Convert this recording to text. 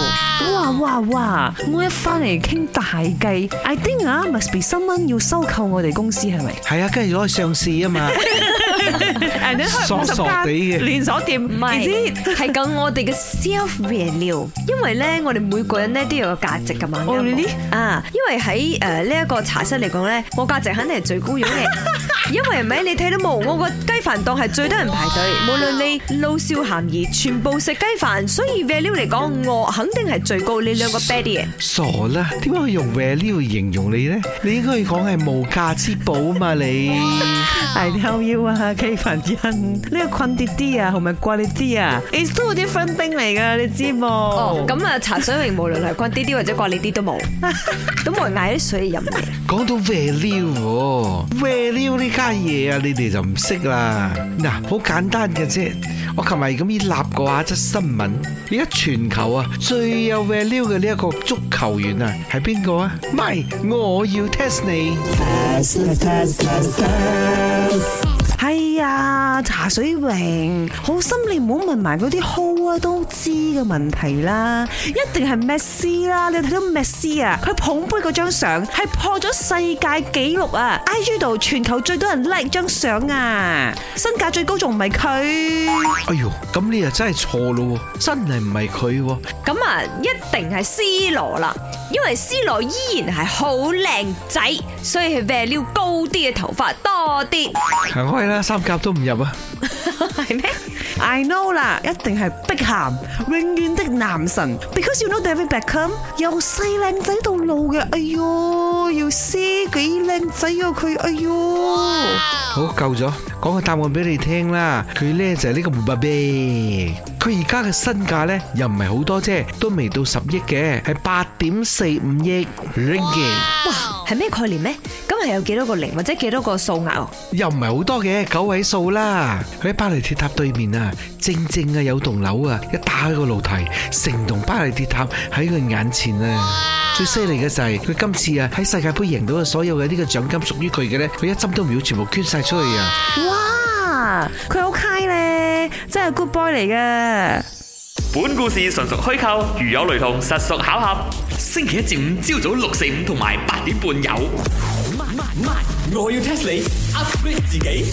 哇哇哇！我一翻嚟傾大計，I think 啊，must be someone 要收購我哋公司係咪？係啊，跟住攞去上市啊嘛！傻傻地嘅連鎖店唔係，係講我哋嘅 self value。因為咧，我哋每個人咧都有個價值噶嘛。啊，因為喺誒呢一個茶室嚟講咧，我價值肯定係最高嘅。因為咪你睇到冇，我個雞飯檔係最多人排隊，無論你老少咸宜，全部食雞飯，所以 value 嚟講，我肯定係最高你兩個 body。傻啦，點解可以用 value 形容你咧？你應該可以講係無價之寶啊嘛！你 I tell you 啊雞飯人，呢個困啲啲啊，同埋貴啲啊，係都係啲 friend 兵嚟噶，你知冇？哦，咁啊，茶水明無論係困啲啲或者貴啲都冇，都冇人嗌啲水嚟飲嘅。講到 value，value 呢？嘢啊！你哋就唔識啦。嗱，好簡單嘅啫。我琴日咁依立過下則新聞，而家全球啊最有 value 嘅呢一個足球員啊，係邊個啊？咪，我要 test 你。係、哎、啊，茶水榮，好心你唔好問埋嗰啲好啊都知嘅問題啦，一定係 Messi 啦，你睇到 Messi 啊，佢捧杯嗰張相係破咗世界紀錄啊，IG 度全球最多人 like 張相啊，身價最高仲唔係佢？哎喲，咁你又真係錯咯，真係唔係佢。咁啊，一定係 C 羅啦，因為 C 羅依然係好靚仔，所以佢 value 高啲嘅頭髮多啲。係可以。三甲都唔入啊，係咩？I know 啦，一定係碧咸，永遠的男神。Because you know David Beckham，由細靚仔到老嘅，哎喲，要死幾靚仔啊佢，哎喲，好，夠咗，講個答案俾你聽啦。佢咧就係呢個麥巴比，佢而家嘅身價咧又唔係好多啫，都未到十億嘅，係八點四五億 ringgit。哇，係咩概念咧？係有幾多個零或者幾多個數額？又唔係好多嘅九位數啦。佢喺巴黎鐵塔對面啊，正正啊有棟樓啊，一打開一個露台，成棟巴黎鐵塔喺佢眼前啊。最犀利嘅就係佢今次啊喺世界杯贏到嘅所有嘅呢個獎金屬於佢嘅咧，佢一針都唔要，全部捐晒出去啊！哇，佢好 high 咧，真係 good boy 嚟嘅。本故事純屬虛構，如有雷同，實屬巧合。星期一至五朝早六四五同埋八點半有。我要 test 你 upgrade 自己。